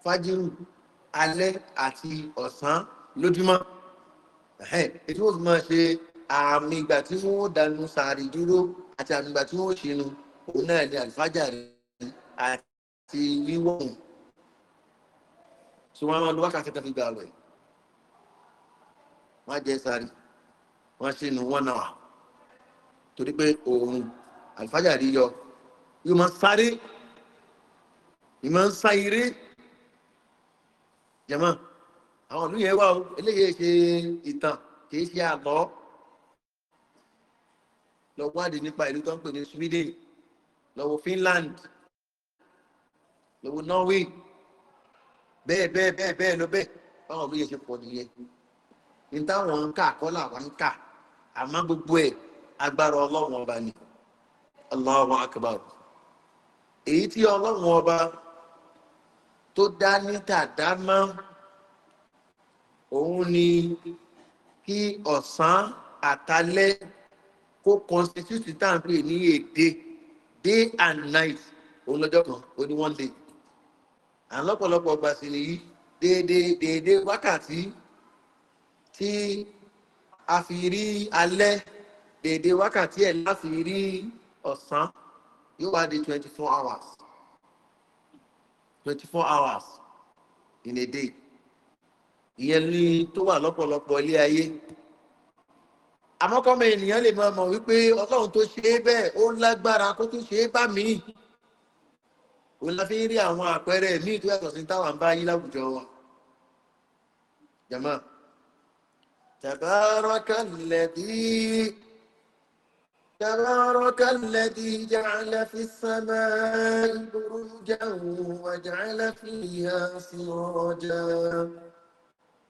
fájírù alẹ́ àti ọ̀sán lójúmọ́ ètò wọn fi máa ṣe àmì ìgbà tí wọn ó dànù sàárì dúró àti àmì ìgbà tí wọn ṣinú òun náà ní àlùfájà rẹ àti wíwọ̀n tí wọn máa lo wákàtí kan fi gbà wẹ̀ wọ́n á jẹ́ sáré wọ́n á nu one hour torí pé òòrùn àlùfájà rí yọ yóò máa sáré yóò máa sá eré jẹ̀mọ́ àwọn ìlú yẹn wà ó eléyìí ṣe ìtàn kì í ṣe àgọ́ lọ wádìí nípa ìlú tó ń pè ní sweden lọ́wọ́ finland lọ́wọ́ norway bẹ́ẹ̀ bẹ́ẹ̀ bẹ́ẹ̀ bẹ́ẹ̀ lọ bẹ́ẹ̀ báwọn ìlú yẹn ṣe pọ̀ nìyẹn ní táwọn ń kà kọ́ làwọn ń kà àmọ́ gbogbo ẹ̀ agbára ọlọ́run ọba ni ọlọ́run akọ̀bàrù èyí tí ọlọ́run ọba tó dá níta dámọ́ òun ni kí ọ̀sán àtàlẹ́ kó constitute tá à ń pè ní èdè day and night òun lọ́jọ́ kan ó ní one day àlọ́pọ̀lọpọ̀ gbàsìn nìyí déédéé déédéé wákàtí tí a fi rí alẹ́ dèdè wákàtí ẹ̀ láti rí ọ̀sán yóò wá di twenty four hours twenty four hours in a day ìyẹn ní tó wà lọ́pọ̀lọpọ̀ ilé ayé àmọ́kọ́mọ ènìyàn lè máa mọ̀ wípé ọlọ́run tó ṣe é bẹ́ẹ̀ ó lágbára kó tó ṣe é bá mi òun la fi ń rí àwọn àpẹẹrẹ míì tó yàtọ̀ sí táwọn bá yí láwùjọ wa jama. تبارك الذي تبارك الذي جعل في السماء بروجا وجعل فيها سراجا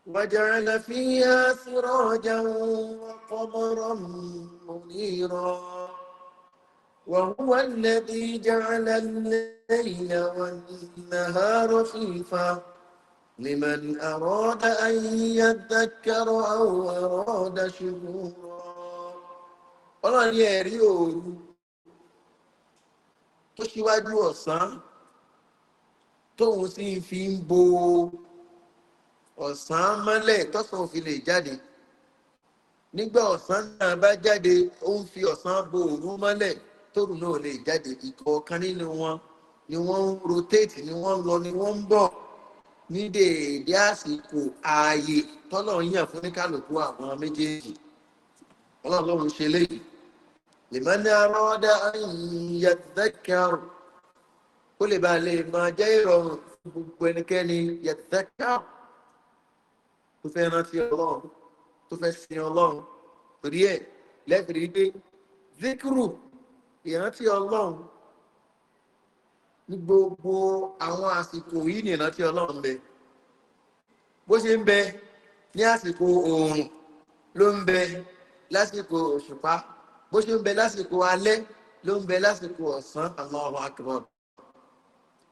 وجعل فيها سراجا وقمرا منيرا وهو الذي جعل الليل والنهار خلفا لمن أراد أن يذكر أو أراد شكورا ọlọ́run ní ẹ̀rí òru tó ṣíwájú ọ̀sán tóun sì fi ń bo ọ̀sán mọ́lẹ̀ tọ́sán òfin lè jáde nígbà ọ̀sán náà bá jáde ó ń fi ọ̀sán bo òru mọ́lẹ̀ tóru náà lè jáde ìkọ̀ọ̀kan nínú wọn ni wọ́n ń rotate ni wọ́n ń lọ ni wọ́n ń bọ̀ ní dèédé àsìkò ààyè tọ́lọ̀ yàn fún ní kálukú àwọn méjèèjì ọlọ́run ṣe léyìí lèmọ́nì arọ́dá yàtẹ́kẹ́rù kó lè bá lè máa jẹ́ ìrọ̀rùn fún gbogbo ẹnikẹ́ni yàtẹ́kẹ́rù tó fẹ́ rántí ọlọ́run tó fẹ́ sin ọlọ́run torí ẹ̀ lẹ́fìrí pé zikiru ìrántí ọlọ́run ní gbogbo àwọn àsìkò yìí ní ìrántí ọlọ́run bẹ bó ṣe ń bẹ ní àsìkò oòrùn ló ń bẹ lásìkò òṣùpá bó ṣe ń bẹ lásìkò alẹ́ ló ń bẹ lásìkò ọ̀sán àwọn ọmọ akọ̀rọ̀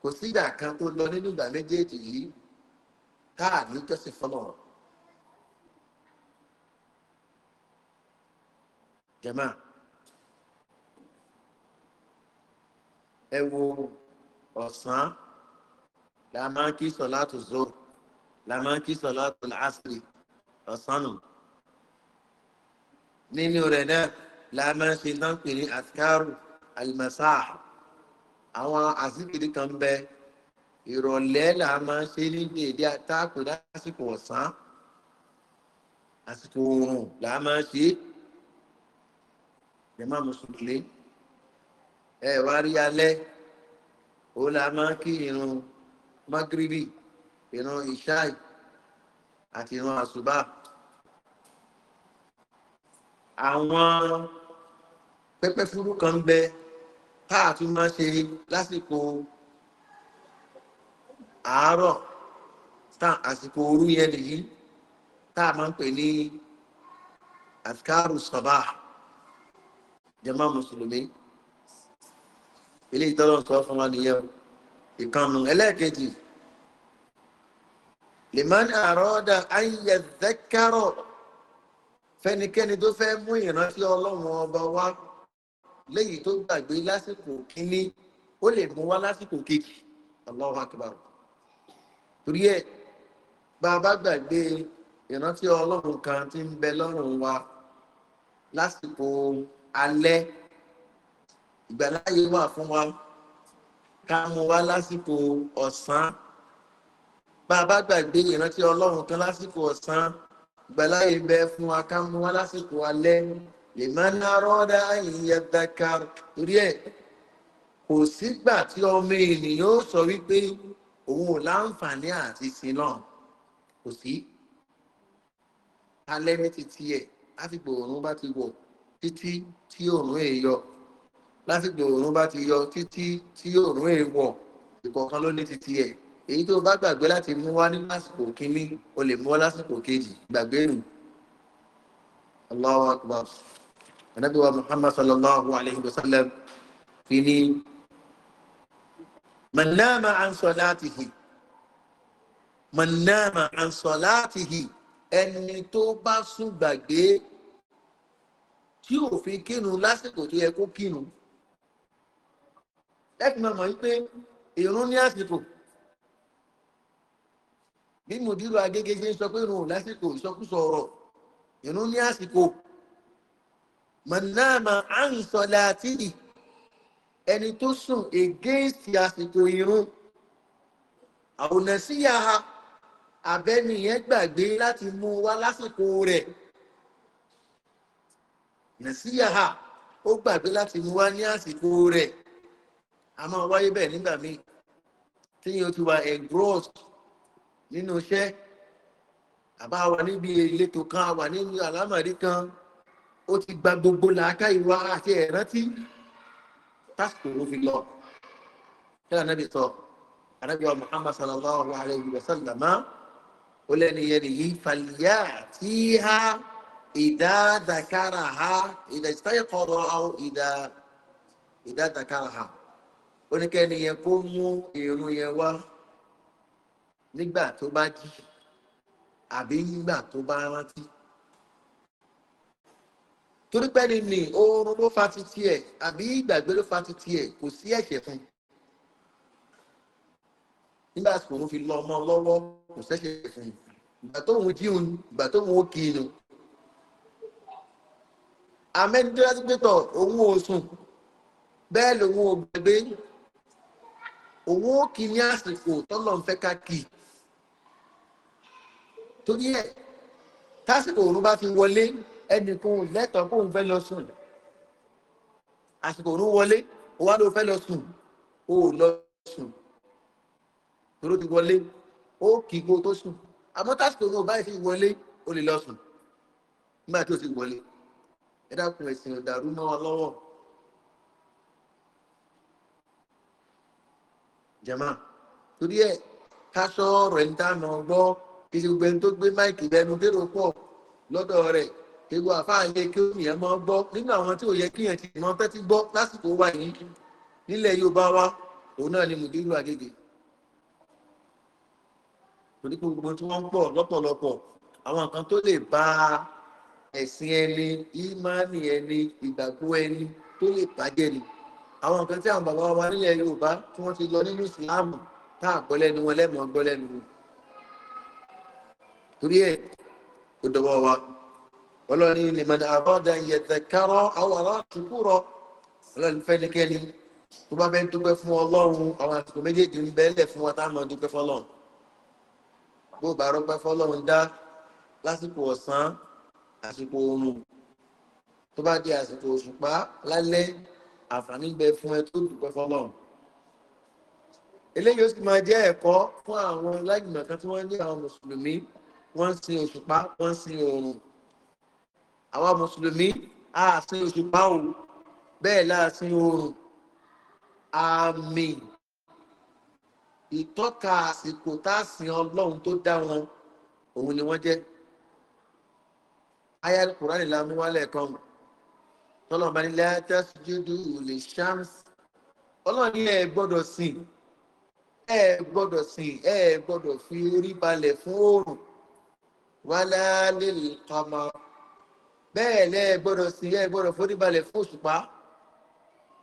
kò sí ìgbà kan tó lọ nínú ìgbà méjèèjì yìí káà jọ́sìn fọlọ́run. jẹ́mà ẹ wo ọ̀sán la máa ń kí sọ̀lá tó zó la máa ń kí sọ̀lá tó lásìrì ọ̀sán nù. nínú rẹ̀ náà la máa ń ṣe náà pè ní àtikárù àlùmọ̀sá àwọn àsìkiri kan bẹ ìrọ̀lẹ́ la máa ń ṣe ní dèédé àtàkùn lásìkò ọ̀sán àsìkò oòrùn la máa ń ṣe jẹ́mọ́ mùsùlùmí ẹ̀ wá rí alẹ́ òun la máa kí irun magribi irun ishai àti irun àṣùbà àwọn pẹpẹ fúrú kan ń bẹ táà tún máa ṣe lásìkò àárọ̀ àsìkò òru yẹn nìyí táà máa ń pè ní àfikárù sọ̀bà jẹ́mọ́ mùsùlùmí ilé ìtọ́lọ́ sọ fún wa nìyẹn ìkànnù ẹlẹ́ẹ̀kejì lèmánì àrọ́dà ayẹ dẹ́kárọ̀ fẹnikẹ́ni tó fẹ́ mú ìrántí ọlọ́run ọba wá léyìí tó gbàgbé lásìkò kínní ó lè mú wá lásìkò kejì ọlọ́run akíbarò torí ẹ bá a bá gbàgbé ìrántí ọlọ́run kan tí ń bẹ lọ́rùn wa lásìkò alẹ́ ìgbàláyé wà fún wa ká mú wa lásìkò ọ̀sán bá a bá gbàgbé ìrántí ọlọ́run kan lásìkò ọ̀sán ìgbàláyé bẹ fún wa ká mú wa lásìkò alẹ́ ìmọ̀nà rọ́dà ìyàdàkà rí ẹ̀ kò sígbà tí ọmọ ènìyàn ó sọ wípé òun ò láǹfààní àti sin náà kò sí alẹ́ ní titi ẹ̀ láti gbòòrùn bá ti wọ̀ títí tí òòrùn èèyàn lásìkò òòrùn bá ti yọ títí tí òòrùn èèwọ̀ ìkọ̀ọ̀kan ló ní titi ẹ̀ èyí tó bá gbàgbé láti mú wá ní lásìkò kínní o lè mú wá lásìkò kejì gbàgbé nù allahu akbar anabi wa muhammad sallallahu alayhi wa sallam fi ni manama an sọláàtìhì manama ẹni tó bá sùn gbàgbé tí òfin kínú lásìkò tó yẹ kó kínú láti máa mọ̀ wípé èrún ní àsìkò bí mòdìrò agége ṣe ń sọ pé irun lásìkò ìsọkúsọ ọ̀rọ̀ irun ní àsìkò mọ̀nàmà à ń sọ láàtìlì ẹni tó sùn ègéèsì àsìkò irun àwòrán síyà abẹ́niyẹn gbàgbé láti mú wá lásìkò rẹ̀ nàṣíyà ó gbàgbé láti mú wá ní àsìkò rẹ̀ a máa wáyé bẹ́ẹ̀ nígbà míì tí yóò ti wà engrossed nínú iṣẹ́ àbá wà níbi ìletò kan wà nínú àlámọ̀rí kan ó ti gba gbogbo làákà ìwà àti ẹ̀rántí tásìkò ló fi lọ kí ànábì sọ ànábì wa muhammad sallallahu alayhi wa sallam ó lẹ́nu yẹn nìyí fàlíyà tí ha ìdá ha ìdá ìsáyẹ̀kọ̀rọ̀ ìdá ìdá dàkàrà ha oníkẹ́ni yẹn kó mú irun yẹn wá nígbà tó bá jí àbí nígbà tó bá rántí torí pé ni ni oorun ló fa ti tiẹ̀ àbí ìgbàgbé ló fa ti tiẹ̀ kò sí ẹ̀ṣẹ̀ fún nígbà tí òun fi lọ ọmọ lọ́wọ́ kò sẹ́ṣẹ̀ fún ìgbà tóun jíun ìgbà tóun ó kí inú amẹ́ndínlẹ́sígbẹ́tọ̀ òun ò sùn bẹ́ẹ̀ lòun ò gbẹgbẹ́ òun ó kì í ní àsìkò tọ́lọ̀ ń fẹ́ ká kì í torí ẹ̀ tásìkò òun bá fi wọlé ẹnìkan lẹ́tọ̀ọ́ kó òun fẹ́ lọ sùn àsìkò òun wọlé òun wá ló fẹ́ lọ sùn ó lọ sùn tòró ti wọlé ó kì í kó tó sùn àmọ́ tásìkò òun báyìí fi wọlé ó lè lọ sùn nígbà tí ó ti wọlé ẹ dákun ẹ̀sìn ọ̀dàrú mọ́ ọ lọ́wọ́. jama torí ẹ ká sọ̀rọ̀ ẹni tá a mọ̀ gbọ́ kí ṣe gbogbo ẹni tó gbé máìkì lẹ́nu dérò pọ̀ lọ́dọ̀ rẹ̀ ewu àfáàyè kí ènìyàn mọ́ gbọ́ nínú àwọn tí ò yẹ kí èèyàn ti mọ́ fẹ́ ti gbọ́ lásìkò wa yìí nílẹ̀ yorùbá wa òun náà ni mùdírù àgègè torí pé gbogbo tí wọ́n ń pọ̀ lọ́pọ̀lọpọ̀ àwọn nǹkan tó lè ba ẹ̀sìn ẹni ìmánì ẹni ìgbàgbọ́ ẹni tó lè bàjẹ́ ni àwọn nǹkan tí àwọn bàbá wa nílẹ̀ yorùbá tí wọ́n ti lọ nínú ìsìláàmù tá àgbọ́lẹ́nu wọn lẹ́mọ̀ gbọ́lẹ́nu wọn torí ẹ̀ kò dọ̀wọ́ wa ọlọ́ni lè mọ̀ ní àbọ̀dà ìyẹ̀tẹ̀kárọ̀ àwòrán àtúkúrọ̀ ọlọ́ni fẹ́nikẹ́ni tó bá fẹ́ dúpẹ́ fún ọlọ́run àwọn àsìkò méjèèjì ń bẹ́ẹ̀lẹ̀ fún wọn táwọn dúpẹ́ fọlọ́run bó àǹfààní gbẹ fún ẹ tó dùn pẹ́fọ́ lọ́hùn. eléyìí ó sì máa jẹ́ ẹ̀kọ́ fún àwọn láìgbìmọ̀ kan tí wọ́n ní àwọn mùsùlùmí wọ́n ń sin òṣùpá wọ́n ń sin oòrùn. àwọn mùsùlùmí á sin òṣùpá òun bẹ́ẹ̀ láà sin oòrùn. àmì ìtọ́ka àsìkò tá a sin ọlọ́run tó dá wọn òun ni wọ́n jẹ́. ayé alukóra nìlànà wálé kan mọ̀ tọ́lọ́ bá ní láyàtà sùjúdù lè ṣáms ọlọ́run yẹn ẹ gbọ́dọ̀ sìn ẹ gbọ́dọ̀ sìn ẹ gbọ́dọ̀ fi orí balẹ̀ fún oòrùn wálá lè kọ́mọ bẹ́ẹ̀ lẹ́ ẹ gbọ́dọ̀ sìn ẹ gbọ́dọ̀ forí balẹ̀ fún òṣùpá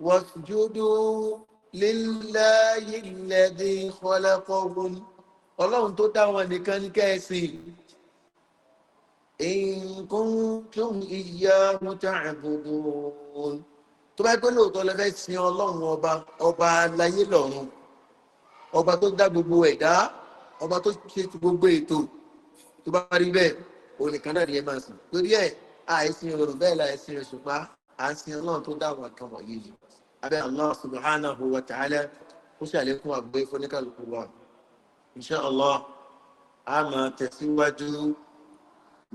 wọ́n sùjúdù líláyé lẹ́dín kọ́lẹ́kọ́gún ọlọ́run tó dá wọn nìkan ní kẹ́ẹ̀sìn in kuntum iyyahu ta'budun tó bá pẹ́ lóòótọ́ lẹ fẹ́ sin ọlọ́run ọba ọba aláyé lọ́run ọba tó dá gbogbo ẹ̀dá ọba tó ṣe gbogbo ètò tó bá rí bẹ́ẹ̀ onìkan náà ni ẹ máa sìn torí ẹ̀ àìsìn òrùn bẹ́ẹ̀ la ẹ̀sìn òṣùpá àìsìn ọlọ́run tó dá àwọn kan wọ̀nyí yìí abẹ́ allah subhanahu wa ta'ala ó ṣàlékún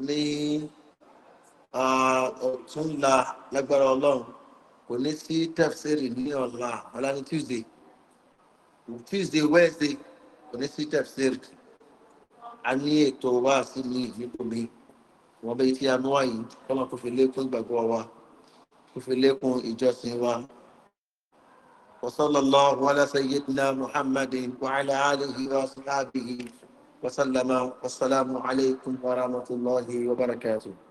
ní ọ̀túnla lágbára ọlọ́run kò ní sí tẹ̀síìrì ní ọ̀la ọ̀la ní tuesday tuesday wednesday kò ní sí tẹ̀síìrì a ní ètò wa sí ní ìyípo mi wọn bẹ tí a mú wáyé kọ́nà kó fi lékún ìgbàgbọ́ wa kó fi lékún ìjọsìn wa. وصلى الله على سيدنا محمد وعلى آله وصحبه وسلم والسلام عليكم ورحمة الله وبركاته